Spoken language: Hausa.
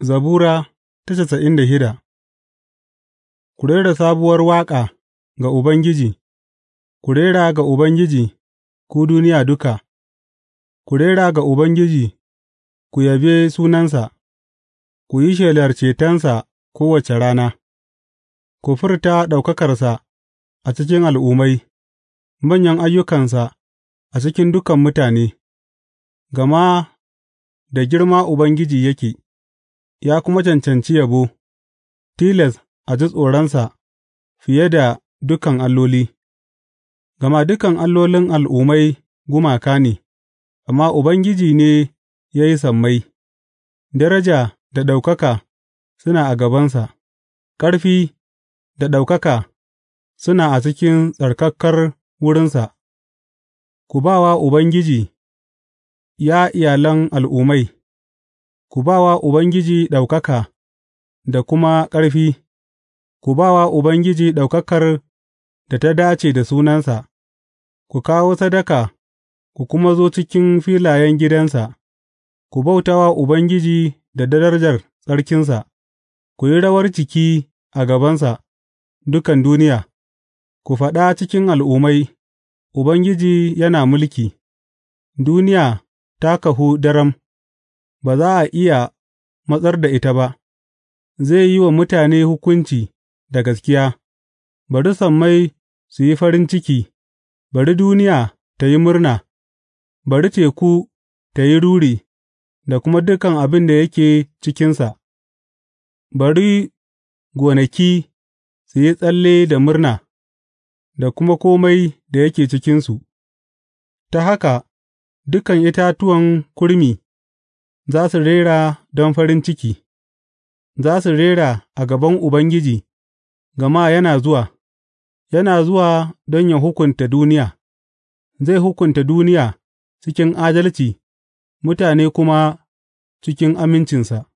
Zabura ta casa'in da shida Ku rera sabuwar waƙa ga Ubangiji, ku rera ga Ubangiji, ku duniya duka, ku rera ga Ubangiji, ku yabe sunansa, ku yi shelar cetonsa kowace rana, ku furta ɗaukakarsa a cikin al'ummai, manyan ayyukansa a cikin dukan mutane, gama da girma Ubangiji yake. ya kuma cancanci yabo, tilas a ji tsoronsa fiye da dukan alloli, gama dukan allolin al'ummai gumaka ne, amma Ubangiji ne ya yi sammai, daraja da ɗaukaka suna a gabansa, ƙarfi da ɗaukaka suna a cikin tsarkakkar wurinsa, ku ba wa Ubangiji, ya iyalan al'ummai. Ku ba wa Ubangiji ɗaukaka da kuma ƙarfi; ku ba wa Ubangiji ɗaukakar da ta dace da sunansa; ku kawo sadaka ku kuma zo cikin filayen gidansa, ku bauta wa Ubangiji da darajar tsarkinsa, ku yi rawar jiki a gabansa, dukan duniya; ku faɗa cikin al'ummai, Ubangiji yana mulki; duniya ta kahu daram. ba za a iya matsar da ita ba; zai yi wa mutane hukunci da gaskiya, bari sammai su yi farin ciki, bari duniya ta yi murna, bari teku ta yi ruri da kuma dukan abin da yake cikinsa, bari gonaki su yi tsalle da murna, da kuma komai da yake cikinsu, ta haka dukan itatuwan kurmi. za su rera don farin ciki, za su rera a gaban Ubangiji, gama yana zuwa, yana zuwa don yă hukunta duniya, zai hukunta duniya cikin adalci mutane kuma cikin amincinsa.